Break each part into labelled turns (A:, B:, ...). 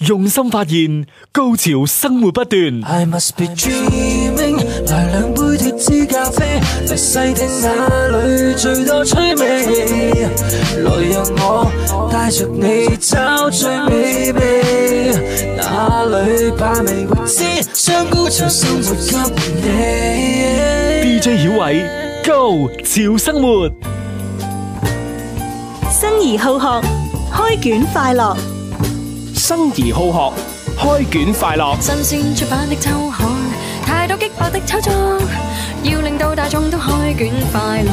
A: 用心發現，高潮生活不斷。I must be dreaming，來兩杯鐵咖啡，來細聽那裏最多趣味。來讓我帶着你找最美味，哪裏怕未知？將高潮生活給你。DJ 小偉，高潮生活，生而好學，開卷快樂。生而好學，開卷快樂。新鮮出版的周刊，太多激爆的炒作，要令到大眾都開卷快樂。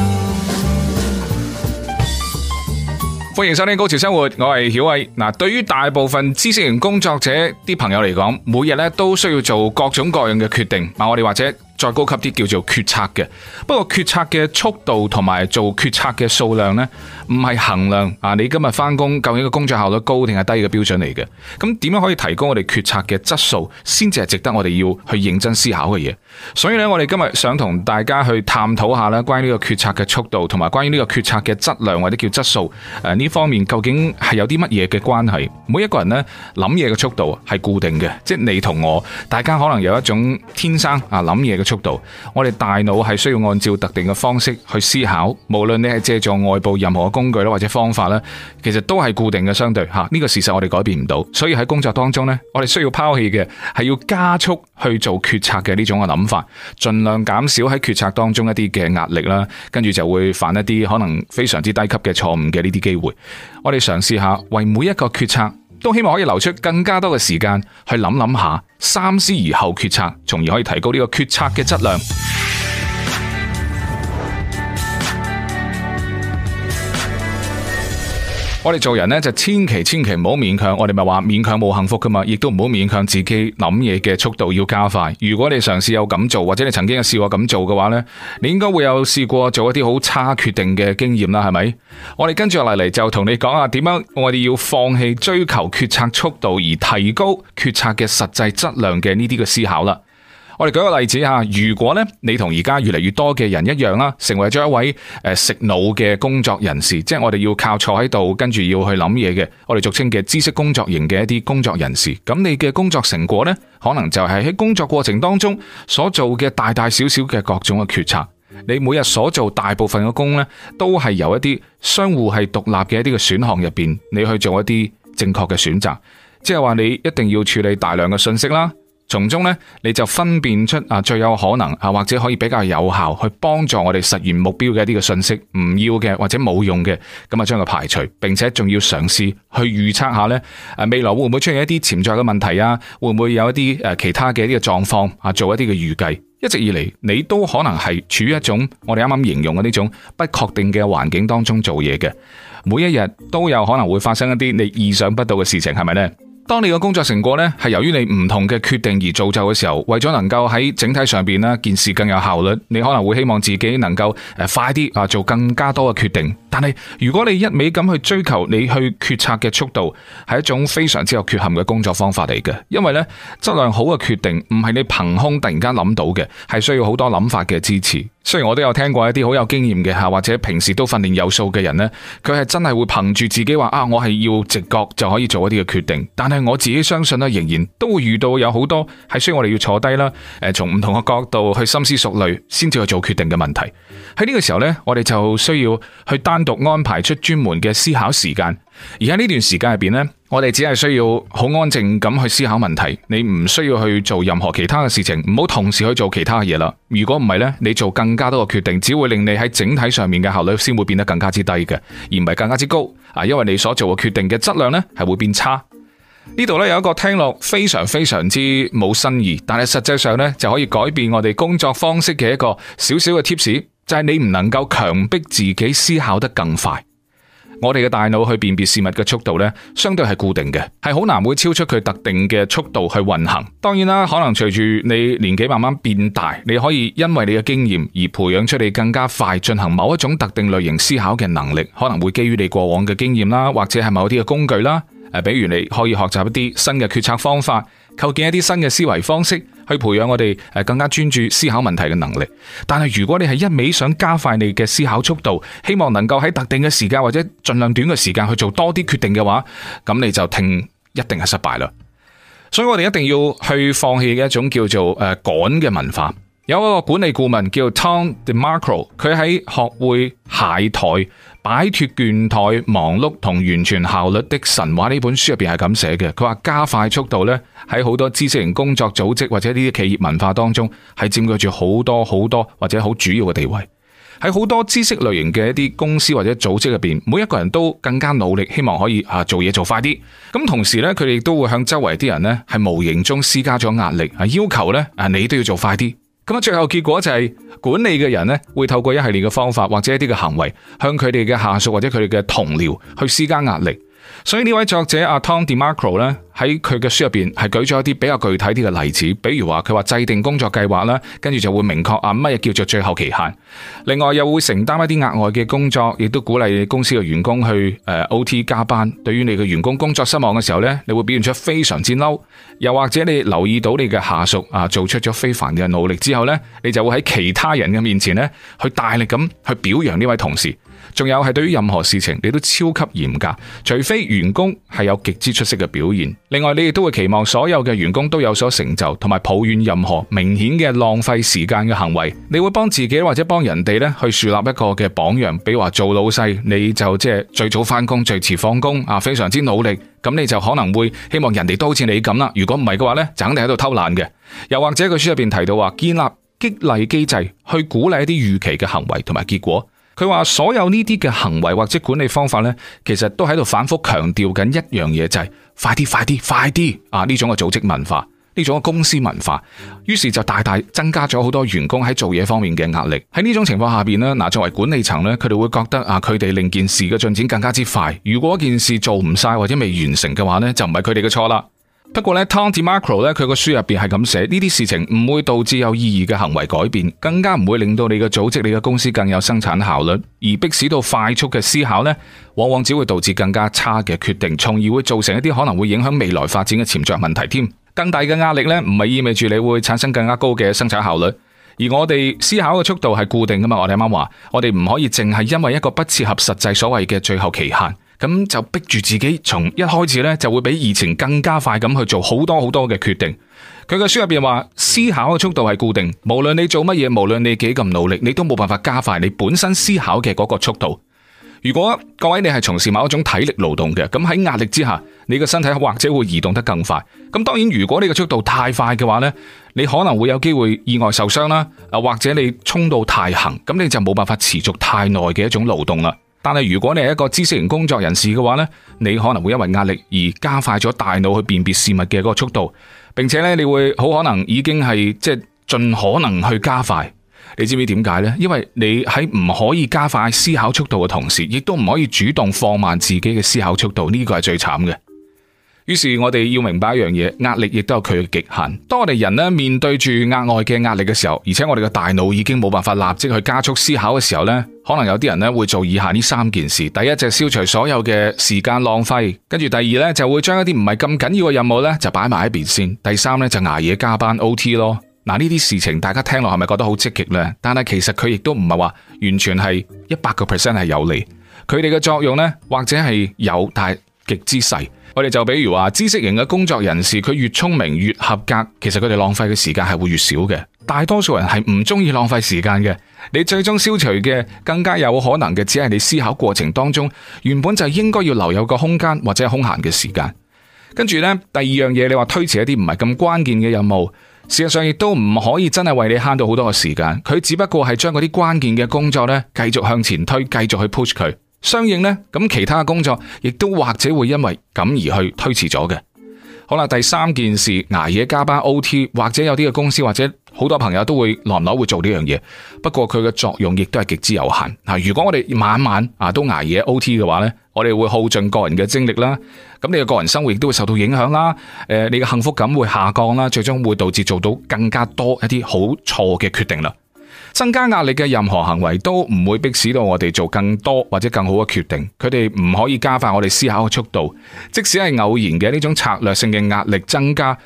A: 歡迎收聽《高潮生活》，我係曉偉。嗱，對於大部分知識型工作者啲朋友嚟講，每日咧都需要做各種各樣嘅決定。嗱，我哋或者。再高級啲叫做決策嘅，不過決策嘅速度同埋做決策嘅數量咧，唔係衡量啊你今日翻工究竟個工作效率高定係低嘅標準嚟嘅。咁點樣可以提高我哋決策嘅質素，先至係值得我哋要去認真思考嘅嘢。所以咧，我哋今日想同大家去探討下咧，關於呢個決策嘅速度，同埋關於呢個決策嘅質量或者叫質素誒呢、啊、方面，究竟係有啲乜嘢嘅關係？每一個人咧諗嘢嘅速度係固定嘅，即係你同我，大家可能有一種天生啊諗嘢嘅速速度，我哋大腦係需要按照特定嘅方式去思考。無論你係借助外部任何嘅工具咧，或者方法啦，其實都係固定嘅相對吓呢個事實，我哋改變唔到。所以喺工作當中呢，我哋需要拋棄嘅係要加速去做決策嘅呢種嘅諗法，盡量減少喺決策當中一啲嘅壓力啦，跟住就會犯一啲可能非常之低級嘅錯誤嘅呢啲機會。我哋嘗試下為每一個決策。都希望可以留出更加多嘅時間去諗諗下，三思而後決策，從而可以提高呢個決策嘅質量。我哋做人呢，就千祈千祈唔好勉強，我哋咪話勉強冇幸福㗎嘛，亦都唔好勉強自己諗嘢嘅速度要加快。如果你嘗試有咁做，或者你曾經有試過咁做嘅話呢，你應該會有試過做一啲好差決定嘅經驗啦，係咪？我哋跟住落嚟就同你講下點樣，我哋要放棄追求決策速度而提高決策嘅實際質量嘅呢啲嘅思考啦。我哋舉個例子吓，如果咧你同而家越嚟越多嘅人一樣啦，成為咗一位誒、呃、食腦嘅工作人士，即係我哋要靠坐喺度跟住要去諗嘢嘅，我哋俗稱嘅知識工作型嘅一啲工作人士。咁你嘅工作成果呢，可能就係喺工作過程當中所做嘅大大小小嘅各種嘅決策。你每日所做大部分嘅工呢，都係由一啲相互係獨立嘅一啲嘅選項入邊，你去做一啲正確嘅選擇。即係話你一定要處理大量嘅信息啦。從中咧，你就分辨出啊最有可能啊或者可以比較有效去幫助我哋實現目標嘅一啲嘅信息，唔要嘅或者冇用嘅，咁啊將佢排除，並且仲要嘗試去預測下呢誒未來會唔會出現一啲潛在嘅問題啊？會唔會有一啲誒其他嘅一啲嘅狀況啊？做一啲嘅預計，一直以嚟你都可能係處於一種我哋啱啱形容嘅呢種不確定嘅環境當中做嘢嘅，每一日都有可能會發生一啲你意想不到嘅事情，係咪呢？當你嘅工作成果呢係由於你唔同嘅決定而造就嘅時候，為咗能夠喺整體上邊呢件事更有效率，你可能會希望自己能夠誒快啲啊做更加多嘅決定。但係如果你一味咁去追求你去決策嘅速度，係一種非常之有缺陷嘅工作方法嚟嘅。因為呢質量好嘅決定唔係你憑空突然間諗到嘅，係需要好多諗法嘅支持。雖然我都有聽過一啲好有經驗嘅吓，或者平時都訓練有素嘅人呢，佢係真係會憑住自己話啊，我係要直覺就可以做一啲嘅決定。但係我自己相信呢，仍然都會遇到有好多係需要我哋要坐低啦，誒、呃，從唔同嘅角度去深思熟慮，先至去做決定嘅問題。喺呢個時候呢，我哋就需要去單獨安排出專門嘅思考時間，而喺呢段時間入邊呢。我哋只係需要好安靜咁去思考問題，你唔需要去做任何其他嘅事情，唔好同時去做其他嘢啦。如果唔係呢，你做更加多嘅決定，只會令你喺整體上面嘅效率先會變得更加之低嘅，而唔係更加之高啊！因為你所做嘅決定嘅質量呢係會變差。呢度呢有一個聽落非常非常之冇新意，但係實際上呢就可以改變我哋工作方式嘅一個少少嘅 tips，就係你唔能夠強迫自己思考得更快。我哋嘅大腦去辨別事物嘅速度呢，相對係固定嘅，係好難會超出佢特定嘅速度去運行。當然啦，可能隨住你年紀慢慢變大，你可以因為你嘅經驗而培養出你更加快進行某一種特定類型思考嘅能力，可能會基於你過往嘅經驗啦，或者係某啲嘅工具啦。誒，比如你可以學習一啲新嘅決策方法。構建一啲新嘅思維方式，去培養我哋誒更加專注思考問題嘅能力。但係如果你係一味想加快你嘅思考速度，希望能夠喺特定嘅時間或者盡量短嘅時間去做多啲決定嘅話，咁你就聽一定係失敗啦。所以我哋一定要去放棄一種叫做誒趕嘅文化。有一個管理顧問叫 Tom DeMarco，佢喺《學會懈怠。擺脫倦怠、忙碌同完全效率的神話，呢本書入邊係咁寫嘅。佢話加快速度咧，喺好多知識型工作組織或者呢啲企業文化當中，係佔據住好多好多或者好主要嘅地位。喺好多知識類型嘅一啲公司或者組織入邊，每一個人都更加努力，希望可以啊，做嘢做快啲。咁同時咧，佢哋都會向周圍啲人呢係無形中施加咗壓力啊，要求咧，啊你都要做快啲。咁啊，最後結果就係管理嘅人咧，會透過一系列嘅方法或者一啲嘅行為，向佢哋嘅下屬或者佢哋嘅同僚去施加壓力。所以呢位作者阿 Tom DeMarco 咧，喺佢嘅書入邊係舉咗一啲比較具體啲嘅例子，比如話佢話制定工作計劃啦，跟住就會明確啊乜嘢叫做最後期限，另外又會承擔一啲額外嘅工作，亦都鼓勵你公司嘅員工去誒 O.T. 加班。對於你嘅員工工作失望嘅時候呢，你會表現出非常之嬲，又或者你留意到你嘅下屬啊做出咗非凡嘅努力之後呢，你就會喺其他人嘅面前呢，去大力咁去表揚呢位同事。仲有係對於任何事情，你都超級嚴格，除非員工係有極之出色嘅表現。另外，你亦都會期望所有嘅員工都有所成就，同埋抱怨任何明顯嘅浪費時間嘅行為。你會幫自己或者幫人哋咧去樹立一個嘅榜樣，比如話做老細，你就即係最早返工，最遲放工啊，非常之努力。咁你就可能會希望人哋都好似你咁啦。如果唔係嘅話呢，就肯定喺度偷懶嘅。又或者佢書入邊提到話，建立激勵機制去鼓勵一啲預期嘅行為同埋結果。佢話所有呢啲嘅行為或者管理方法呢，其實都喺度反覆強調緊一樣嘢，就係快啲、快啲、快啲啊！呢種嘅組織文化，呢種嘅公司文化，於是就大大增加咗好多員工喺做嘢方面嘅壓力。喺呢種情況下邊呢，嗱作為管理層呢，佢哋會覺得啊，佢哋令件事嘅進展更加之快。如果件事做唔晒或者未完成嘅話呢，就唔係佢哋嘅錯啦。不過咧，Tom DeMarco 佢個書入邊係咁寫，呢啲事情唔會導致有意義嘅行為改變，更加唔會令到你嘅組織、你嘅公司更有生產效率，而迫使到快速嘅思考呢，往往只會導致更加差嘅決定，從而會造成一啲可能會影響未來發展嘅潛在問題添。更大嘅壓力呢，唔係意味住你會產生更加高嘅生產效率，而我哋思考嘅速度係固定噶嘛。我哋啱啱話，我哋唔可以淨係因為一個不切合實際所謂嘅最後期限，咁就逼住自己，從一開始咧就會比以前更加快咁去做好多好多嘅決定。佢嘅書入邊話，思考嘅速度係固定，無論你做乜嘢，無論你幾咁努力，你都冇辦法加快你本身思考嘅嗰個速度。如果各位你係從事某一種體力勞動嘅，咁喺壓力之下，你嘅身體或者會移動得更快。咁當然，如果你嘅速度太快嘅話呢，你可能會有機會意外受傷啦。啊，或者你沖到太行，咁你就冇辦法持續太耐嘅一種勞動啦。但係如果你係一個知識型工作人士嘅話，呢你可能會因為壓力而加快咗大腦去辨別事物嘅嗰個速度，並且咧你會好可能已經係即盡可能去加快。你知唔知點解呢？因為你喺唔可以加快思考速度嘅同時，亦都唔可以主動放慢自己嘅思考速度，呢個係最慘嘅。於是我哋要明白一樣嘢，壓力亦都有佢嘅極限。當我哋人咧面對住額外嘅壓力嘅時候，而且我哋嘅大腦已經冇辦法立即去加速思考嘅時候呢，可能有啲人咧會做以下呢三件事：第一，就消除所有嘅時間浪費；跟住第二呢，就會將一啲唔係咁緊要嘅任務呢就擺埋一邊先；第三呢，就捱夜加班 OT 咯。嗱，呢啲事情大家聽落係咪覺得好積極呢？但係其實佢亦都唔係話完全係一百個 percent 係有利，佢哋嘅作用呢，或者係有，但係極之細。我哋就比如話，知識型嘅工作人士，佢越聰明越合格，其實佢哋浪費嘅時間係會越少嘅。大多數人係唔中意浪費時間嘅。你最終消除嘅，更加有可能嘅，只係你思考過程當中，原本就應該要留有個空間或者空閒嘅時間。跟住呢，第二樣嘢，你話推遲一啲唔係咁關鍵嘅任務，事實上亦都唔可以真係為你慳到好多嘅時間。佢只不過係將嗰啲關鍵嘅工作呢，繼續向前推，繼續去 push 佢。相應呢，咁其他嘅工作亦都或者會因為咁而去推遲咗嘅。好啦，第三件事，挨夜加班 OT，或者有啲嘅公司，或者好多朋友都會留唔留會做呢樣嘢。不過佢嘅作用亦都係極之有限。啊，如果我哋晚晚啊都挨夜 OT 嘅話呢，我哋會耗盡個人嘅精力啦。咁你嘅個人生活亦都會受到影響啦。誒、呃，你嘅幸福感會下降啦，最終會導致做到更加多一啲好錯嘅決定啦。增加壓力嘅任何行為都唔會迫使到我哋做更多或者更好嘅決定，佢哋唔可以加快我哋思考嘅速度。即使係偶然嘅呢種策略性嘅壓力增加，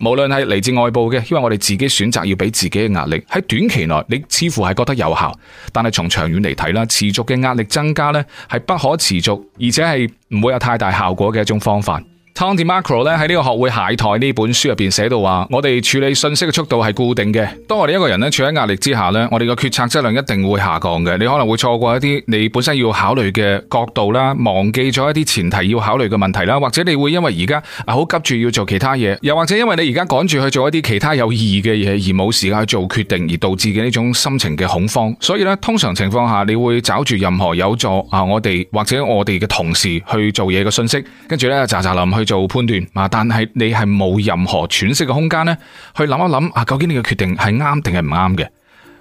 A: 無論係嚟自外部嘅，因為我哋自己選擇要俾自己嘅壓力。喺短期內，你似乎係覺得有效，但係從長遠嚟睇啦，持續嘅壓力增加呢係不可持續，而且係唔會有太大效果嘅一種方法。湯姆·馬可呢，喺呢個學會蟹台呢本書入邊寫到話，我哋處理信息嘅速度係固定嘅。當我哋一個人呢處喺壓力之下呢，我哋嘅決策質量一定會下降嘅。你可能會錯過一啲你本身要考慮嘅角度啦，忘記咗一啲前提要考慮嘅問題啦，或者你會因為而家好急住要做其他嘢，又或者因為你而家趕住去做一啲其他有意義嘅嘢而冇時間去做決定，而導致嘅呢種心情嘅恐慌。所以呢，通常情況下你會找住任何有助啊我哋或者我哋嘅同事去做嘢嘅信息，跟住呢，咋咋林去。做判斷啊，但係你係冇任何喘息嘅空間呢？去諗一諗啊，究竟你嘅決定係啱定係唔啱嘅？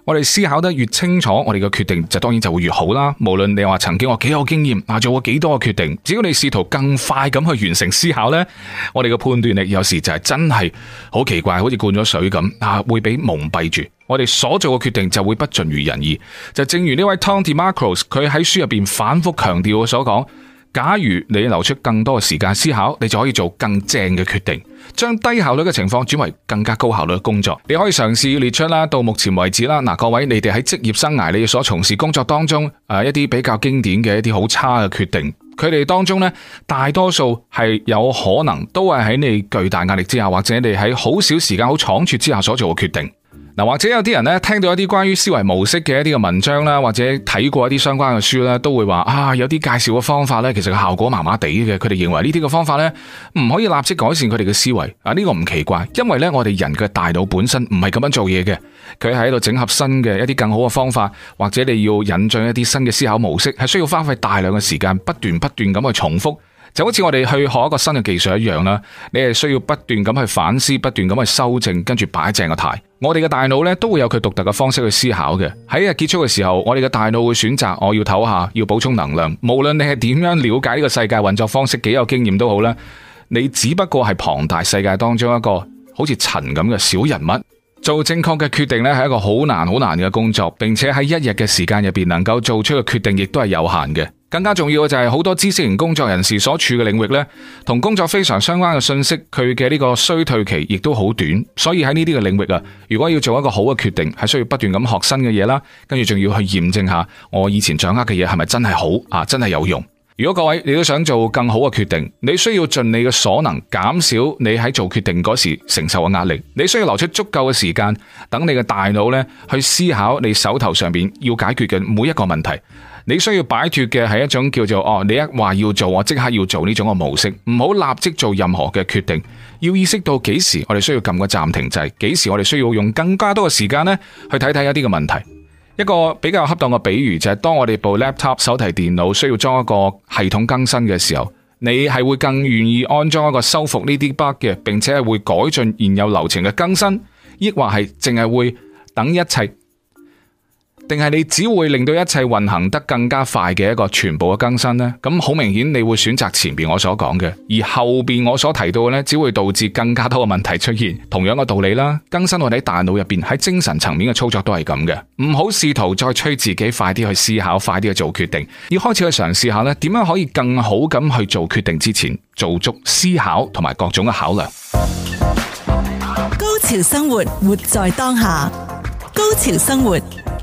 A: 我哋思考得越清楚，我哋嘅決定就當然就會越好啦。無論你話曾經我幾有經驗啊，做過幾多嘅決定，只要你試圖更快咁去完成思考呢，我哋嘅判斷力有時就係真係好奇怪，好似灌咗水咁啊，會俾蒙蔽住。我哋所做嘅決定就會不盡如人意。就正如呢位 Tommy Macros 佢喺書入邊反復強調嘅所講。假如你留出更多嘅時間思考，你就可以做更正嘅決定，將低效率嘅情況轉為更加高效率嘅工作。你可以嘗試列出啦，到目前為止啦，各位你哋喺職業生涯你所從事工作當中誒一啲比較經典嘅一啲好差嘅決定，佢哋當中呢，大多數係有可能都係喺你巨大壓力之下，或者你喺好少時間好倉促之下所做嘅決定。嗱，或者有啲人咧聽到一啲關於思維模式嘅一啲嘅文章啦，或者睇過一啲相關嘅書啦，都會話啊，有啲介紹嘅方法咧，其實效果麻麻地嘅。佢哋認為呢啲嘅方法咧，唔可以立即改善佢哋嘅思維啊。呢個唔奇怪，因為咧我哋人嘅大腦本身唔係咁樣做嘢嘅，佢喺度整合新嘅一啲更好嘅方法，或者你要引進一啲新嘅思考模式，係需要花費大量嘅時間，不斷不斷咁去重複，就好似我哋去學一個新嘅技術一樣啦。你係需要不斷咁去反思，不斷咁去修正，跟住擺正個態。我哋嘅大腦咧都會有佢獨特嘅方式去思考嘅。喺日結束嘅時候，我哋嘅大腦會選擇我要唞下，要補充能量。無論你係點樣了解呢個世界運作方式，幾有經驗都好啦。你只不過係龐大世界當中一個好似塵咁嘅小人物。做正確嘅決定咧係一個好難好難嘅工作，並且喺一日嘅時間入邊能夠做出嘅決定亦都係有限嘅。更加重要嘅就係好多知識型工作人士所處嘅領域呢，同工作非常相關嘅信息，佢嘅呢個衰退期亦都好短，所以喺呢啲嘅領域啊，如果要做一個好嘅決定，係需要不斷咁學新嘅嘢啦，跟住仲要去驗證下我以前掌握嘅嘢係咪真係好啊，真係有用。如果各位你都想做更好嘅決定，你需要盡你嘅所能減少你喺做決定嗰時承受嘅壓力，你需要留出足夠嘅時間，等你嘅大腦呢去思考你手頭上邊要解決嘅每一個問題。你需要擺脫嘅係一種叫做哦，你一話要做，我即刻要做呢種嘅模式，唔好立即做任何嘅決定，要意識到幾時我哋需要撳個暫停掣，幾時我哋需要用更加多嘅時間呢去睇睇一啲嘅問題。一個比較恰當嘅比喻就係當我哋部 laptop 手提電腦需要裝一個系統更新嘅時候，你係會更願意安裝一個修復呢啲 bug 嘅，並且係會改進現有流程嘅更新，亦或係淨係會等一切。定係你只會令到一切運行得更加快嘅一個全部嘅更新呢？咁好明顯你會選擇前邊我所講嘅，而後邊我所提到嘅呢，只會導致更加多嘅問題出現。同樣嘅道理啦，更新我哋喺大腦入邊喺精神層面嘅操作都係咁嘅，唔好試圖再催自己快啲去思考，快啲去做決定，要開始去嘗試下呢點樣可以更好咁去做決定之前做足思考同埋各種嘅考量。高潮生活，活在當下。高潮生活。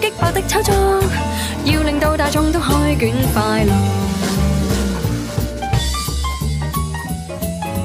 A: 激發的炒作，要令到大眾都開卷快樂。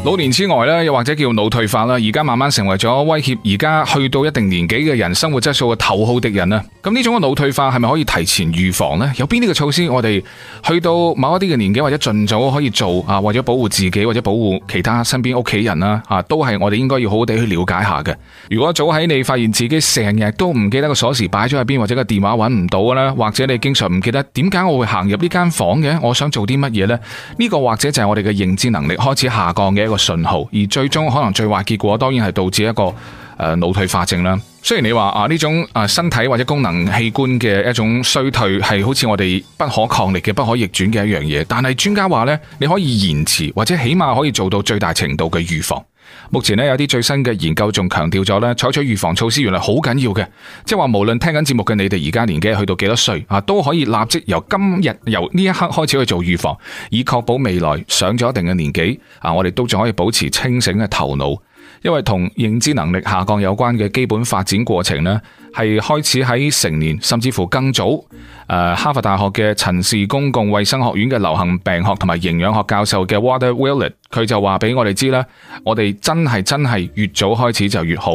A: 老年痴呆咧，又或者叫腦退化啦，而家慢慢成為咗威脅。而家去到一定年紀嘅人生活質素嘅頭號敵人啊！咁呢種嘅腦退化係咪可以提前預防呢？有邊啲嘅措施我哋去到某一啲嘅年紀或者盡早可以做啊？或者保護自己或者保護其他身邊屋企人啦，啊，都係我哋應該要好好地去了解下嘅。如果早喺你發現自己成日都唔記得個鎖匙擺咗喺邊，或者個電話揾唔到啦，或者你經常唔記得點解我會行入呢間房嘅，我想做啲乜嘢咧？呢、呢個或者就係我哋嘅認知能力開始下降嘅個信號，而最終可能最壞結果，當然係導致一個誒腦退化症啦。雖然你話啊呢種啊身體或者功能器官嘅一種衰退係好似我哋不可抗力嘅不可逆轉嘅一樣嘢，但係專家話呢，你可以延遲或者起碼可以做到最大程度嘅預防。目前呢，有啲最新嘅研究仲強調咗呢，採取預防措施原來好緊要嘅，即係話無論聽緊節目嘅你哋而家年紀去到幾多歲啊，都可以立即由今日由呢一刻開始去做預防，以確保未來上咗一定嘅年紀啊，我哋都仲可以保持清醒嘅頭腦。因為同認知能力下降有關嘅基本發展過程呢係開始喺成年甚至乎更早。誒，哈佛大學嘅陳氏公共衛生學院嘅流行病學同埋營養學教授嘅 Walter Willett，佢就話俾我哋知啦，我哋真係真係越早開始就越好。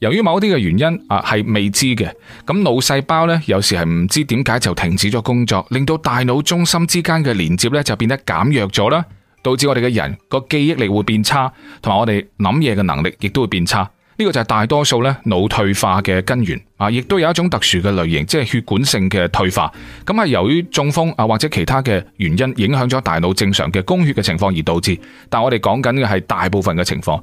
A: 由於某啲嘅原因啊，係未知嘅，咁腦細胞呢，有時係唔知點解就停止咗工作，令到大腦中心之間嘅連接呢，就變得減弱咗啦。導致我哋嘅人個記憶力會變差，同埋我哋諗嘢嘅能力亦都會變差。呢個就係大多數咧腦退化嘅根源啊！亦都有一種特殊嘅類型，即係血管性嘅退化。咁係由於中風啊或者其他嘅原因影響咗大腦正常嘅供血嘅情況而導致。但我哋講緊嘅係大部分嘅情況。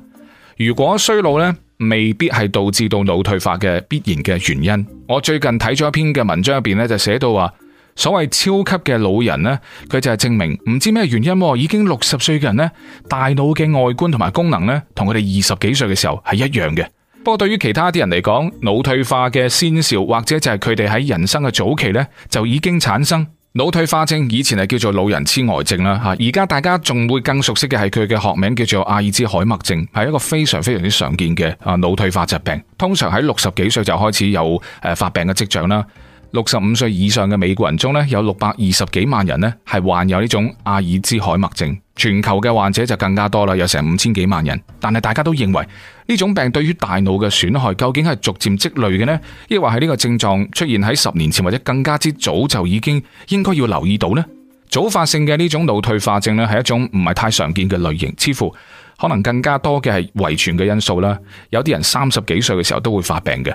A: 如果衰老呢，未必係導致到腦退化嘅必然嘅原因。我最近睇咗一篇嘅文章入邊咧，就寫到話。所謂超級嘅老人呢，佢就係證明唔知咩原因，已經六十歲嘅人呢，大腦嘅外觀同埋功能呢，同佢哋二十幾歲嘅時候係一樣嘅。不過對於其他啲人嚟講，腦退化嘅先兆或者就係佢哋喺人生嘅早期呢，就已經產生腦退化症。以前係叫做老人痴呆症啦，吓而家，大家仲會更熟悉嘅係佢嘅學名叫做阿爾茲海默症，係一個非常非常之常見嘅啊腦退化疾病。通常喺六十幾歲就開始有誒發病嘅跡象啦。六十五歲以上嘅美國人中呢，有六百二十幾萬人呢係患有呢種阿爾茲海默症，全球嘅患者就更加多啦，有成五千幾萬人。但係大家都認為呢種病對於大腦嘅損害究竟係逐漸積累嘅呢？抑或係呢個症狀出現喺十年前或者更加之早就已經應該要留意到呢？早發性嘅呢種腦退化症呢，係一種唔係太常見嘅類型，似乎可能更加多嘅係遺傳嘅因素啦。有啲人三十幾歲嘅時候都會發病嘅。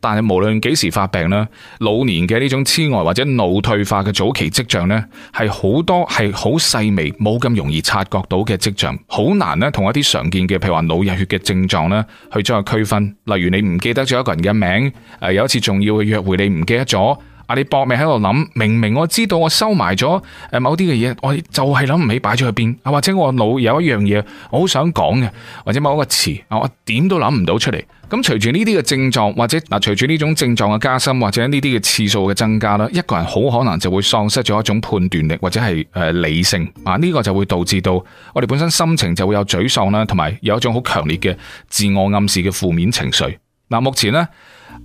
A: 但係無論幾時發病呢，老年嘅呢種癡呆或者腦退化嘅早期跡象呢，係好多係好細微，冇咁容易察覺到嘅跡象，好難呢，同一啲常見嘅，譬如話腦溢血嘅症狀呢，去將佢區分。例如你唔記得咗一個人嘅名，誒有一次重要嘅約會你唔記得咗。你搏命喺度諗，明明我知道我收埋咗誒，某啲嘅嘢，我就係諗唔起擺咗去邊啊，或者我腦有一樣嘢，我好想講嘅，或者某一個詞啊，我點都諗唔到出嚟。咁隨住呢啲嘅症狀，或者嗱，隨住呢種症狀嘅加深，或者呢啲嘅次數嘅增加啦，一個人好可能就會喪失咗一種判斷力，或者係誒理性啊。呢個就會導致到我哋本身心情就會有沮喪啦，同埋有一種好強烈嘅自我暗示嘅負面情緒。嗱、啊，目前呢。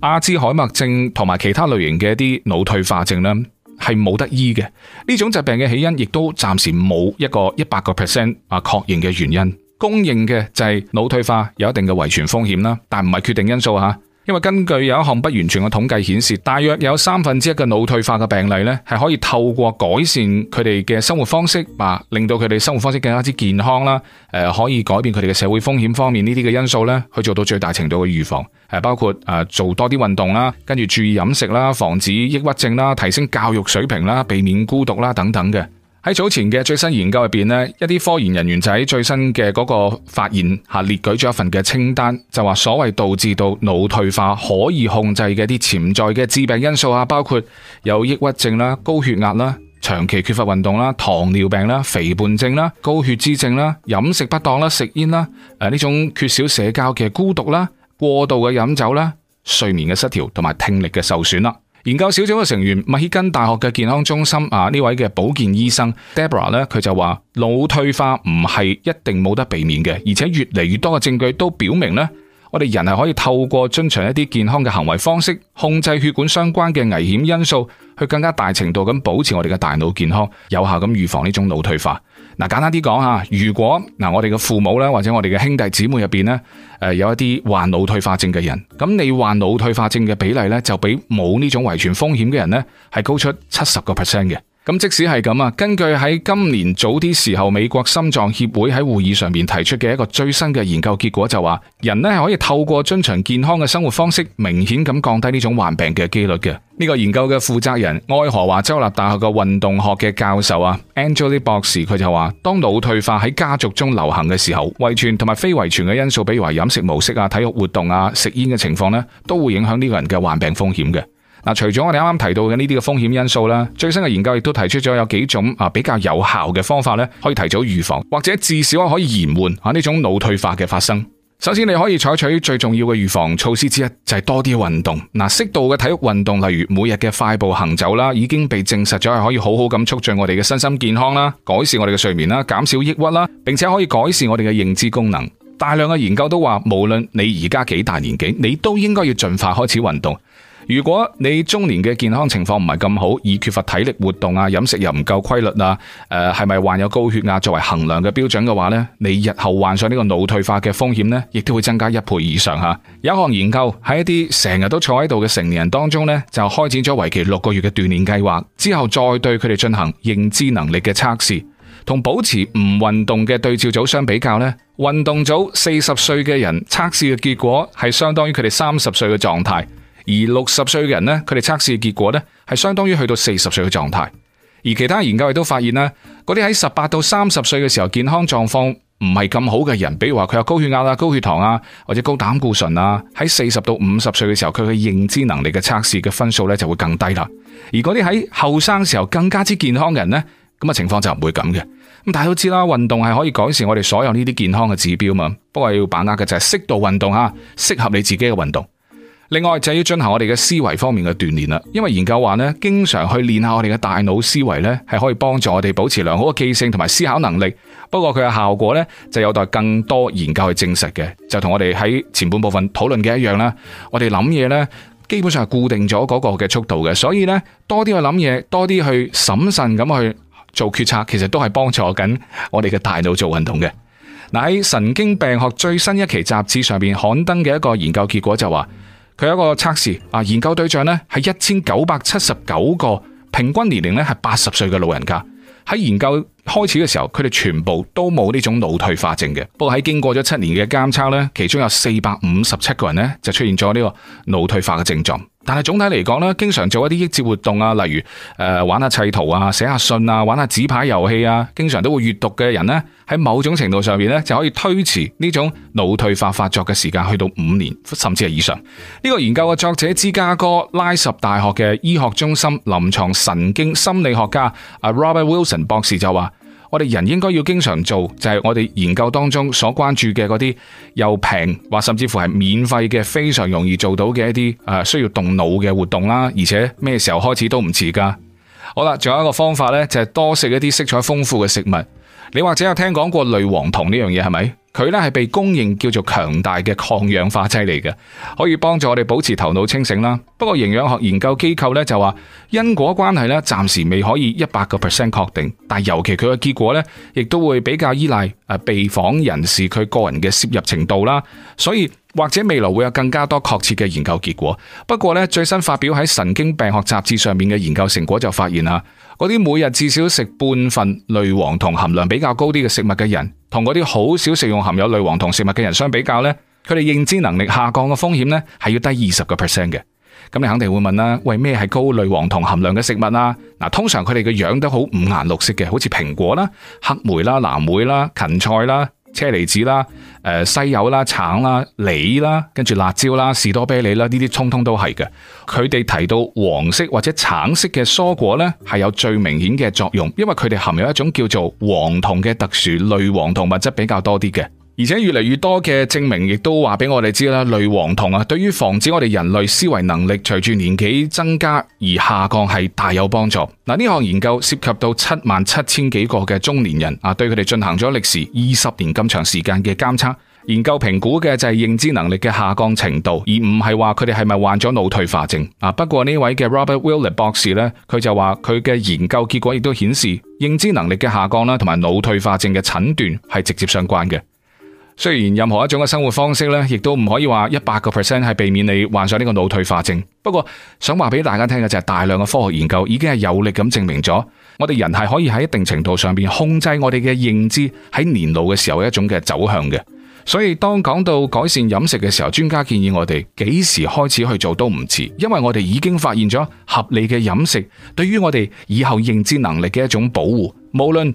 A: 阿茲海默症同埋其他類型嘅一啲腦退化症咧，係冇得醫嘅。呢種疾病嘅起因亦都暫時冇一個一百個 percent 啊，確認嘅原因。公認嘅就係腦退化有一定嘅遺傳風險啦，但唔係決定因素吓。.因為根據有一項不完全嘅統計顯示，大約有三分之一嘅腦退化嘅病例咧，係可以透過改善佢哋嘅生活方式，啊，令到佢哋生活方式更加之健康啦，誒，可以改變佢哋嘅社會風險方面呢啲嘅因素咧，去做到最大程度嘅預防，誒，包括誒做多啲運動啦，跟住注意飲食啦，防止抑鬱症啦，提升教育水平啦，避免孤獨啦，等等嘅。喺早前嘅最新研究入邊咧，一啲科研人員仔最新嘅嗰個發現吓，列舉咗一份嘅清單，就話所謂導致到腦退化可以控制嘅啲潛在嘅致病因素啊，包括有抑鬱症啦、高血壓啦、長期缺乏運動啦、糖尿病啦、肥胖症啦、高血脂症啦、飲食不當啦、食煙啦，誒呢種缺少社交嘅孤獨啦、過度嘅飲酒啦、睡眠嘅失調同埋聽力嘅受損啦。研究小組嘅成員，密歇根大學嘅健康中心，啊呢位嘅保健醫生 Debra 呢佢就話腦退化唔係一定冇得避免嘅，而且越嚟越多嘅證據都表明呢，我哋人係可以透過遵循一啲健康嘅行為方式，控制血管相關嘅危險因素，去更加大程度咁保持我哋嘅大腦健康，有效咁預防呢種腦退化。嗱，簡單啲講，如果我哋嘅父母或者我哋嘅兄弟姊妹入面咧，有一啲患腦退化症嘅人，咁你患腦退化症嘅比例呢，就比冇呢種遺傳風險嘅人呢，係高出七十個 percent 嘅。的咁即使係咁啊，根據喺今年早啲時候美國心臟協會喺會議上面提出嘅一個最新嘅研究結果就話，人呢係可以透過遵循健康嘅生活方式，明顯咁降低呢種患病嘅幾率嘅。呢、這個研究嘅負責人愛荷華州立大學嘅運動學嘅教授啊，Angeli 博士佢就話，當腦退化喺家族中流行嘅時候，遺傳同埋非遺傳嘅因素，比如話飲食模式啊、體育活動啊、食煙嘅情況呢，都會影響呢個人嘅患病風險嘅。嗱，除咗我哋啱啱提到嘅呢啲嘅風險因素啦，最新嘅研究亦都提出咗有幾種啊比較有效嘅方法咧，可以提早預防或者至少可以延緩啊呢種腦退化嘅發生。首先，你可以採取最重要嘅預防措施之一，就係多啲運動。嗱，適度嘅體育運動，例如每日嘅快步行走啦，已經被證實咗係可以好好咁促進我哋嘅身心健康啦，改善我哋嘅睡眠啦，減少抑鬱啦，並且可以改善我哋嘅認知功能。大量嘅研究都話，無論你而家幾大年紀，你都應該要盡快開始運動。如果你中年嘅健康情況唔係咁好，以缺乏體力活動啊，飲食又唔夠規律啊，誒、呃，係咪患有高血壓作為衡量嘅標準嘅話咧，你日後患上呢個腦退化嘅風險呢，亦都會增加一倍以上吓。嗯、有一項研究喺一啲成日都坐喺度嘅成年人當中咧，就開展咗為期六個月嘅鍛煉計劃，之後再對佢哋進行認知能力嘅測試，同保持唔運動嘅對照組相比較咧，運動組四十歲嘅人測試嘅結果係相當於佢哋三十歲嘅狀態。而六十歲嘅人呢，佢哋測試嘅結果呢，係相當於去到四十歲嘅狀態。而其他研究亦都發現呢，嗰啲喺十八到三十歲嘅時候健康狀況唔係咁好嘅人，比如話佢有高血壓啊、高血糖啊或者高膽固醇啊，喺四十到五十歲嘅時候，佢嘅認知能力嘅測試嘅分數呢就會更低啦。而嗰啲喺後生時候更加之健康嘅人呢，咁啊情況就唔會咁嘅。咁大家都知啦，運動係可以改善我哋所有呢啲健康嘅指標嘛。不過要把握嘅就係適度運動吓，適合你自己嘅運動。另外就係要進行我哋嘅思維方面嘅鍛煉啦，因為研究話呢，經常去練下我哋嘅大腦思維呢，係可以幫助我哋保持良好嘅記性同埋思考能力。不過佢嘅效果呢，就有待更多研究去證實嘅。就同我哋喺前半部分討論嘅一樣啦，我哋諗嘢呢，基本上係固定咗嗰個嘅速度嘅，所以呢，多啲去諗嘢，多啲去審慎咁去做決策，其實都係幫助緊我哋嘅大腦做運動嘅。嗱，喺神經病學最新一期雜誌上邊刊登嘅一個研究結果就話。佢有一個測試，啊，研究對象咧係一千九百七十九個，平均年齡咧係八十歲嘅老人家，喺研究開始嘅時候，佢哋全部都冇呢種腦退化症嘅。不過喺經過咗七年嘅監測呢，其中有四百五十七個人呢就出現咗呢個腦退化嘅症狀。但係總體嚟講呢，經常做一啲益智活動啊，例如誒、呃、玩下砌圖啊、寫下信啊、玩下紙牌遊戲啊，經常都會閱讀嘅人呢，喺某種程度上面呢，就可以推遲呢種腦退化發作嘅時間去到五年，甚至係以上。呢、這個研究嘅作者芝加哥拉什大學嘅醫學中心臨床神經心理學家 Robert Wilson 博士就話。我哋人應該要經常做，就係我哋研究當中所關注嘅嗰啲又平或甚至乎係免費嘅，非常容易做到嘅一啲，唔需要動腦嘅活動啦。而且咩時候開始都唔遲噶。好啦，仲有一個方法呢，就係多食一啲色彩豐富嘅食物。你或者有聽講過類黃酮呢樣嘢係咪？佢咧係被公認叫做強大嘅抗氧化劑嚟嘅，可以幫助我哋保持頭腦清醒啦。不過營養學研究機構咧就話因果關係咧暫時未可以一百個 percent 確定，但係尤其佢嘅結果咧亦都會比較依賴誒被訪人士佢個人嘅攝入程度啦。所以或者未來會有更加多確切嘅研究結果。不過咧最新發表喺神經病學雜誌上面嘅研究成果就發現啦。嗰啲每日至少食半份類黃酮含量比較高啲嘅食物嘅人，同嗰啲好少食用含有類黃酮食物嘅人相比較咧，佢哋認知能力下降嘅風險咧係要低二十個 percent 嘅。咁你肯定會問啦，喂，咩係高類黃酮含量嘅食物啊？嗱，通常佢哋嘅樣都好五顏六色嘅，好似蘋果啦、黑莓啦、藍莓啦、芹菜啦。車厘子啦、誒西柚啦、橙啦、梨啦，跟住辣椒啦、士多啤梨啦，呢啲通通都係嘅。佢哋提到黃色或者橙色嘅蔬果呢，係有最明顯嘅作用，因為佢哋含有一種叫做黃酮嘅特殊類黃酮物質比較多啲嘅。而且越嚟越多嘅證明，亦都話俾我哋知啦。類黃酮啊，對於防止我哋人類思維能力隨住年紀增加而下降係大有幫助。嗱，呢項研究涉及到七萬七千幾個嘅中年人啊，對佢哋進行咗歷時二十年咁長時間嘅監測研究，評估嘅就係認知能力嘅下降程度，而唔係話佢哋係咪患咗腦退化症啊。不過呢位嘅 Robert Willett 博士呢，佢就話佢嘅研究結果亦都顯示認知能力嘅下降啦，同埋腦退化症嘅診斷係直接相關嘅。雖然任何一種嘅生活方式咧，亦都唔可以話一百個 percent 係避免你患上呢個腦退化症。不過想話俾大家聽嘅就係大量嘅科學研究已經係有力咁證明咗，我哋人係可以喺一定程度上邊控制我哋嘅認知喺年老嘅時候一種嘅走向嘅。所以當講到改善飲食嘅時候，專家建議我哋幾時開始去做都唔遲，因為我哋已經發現咗合理嘅飲食對於我哋以後認知能力嘅一種保護，無論。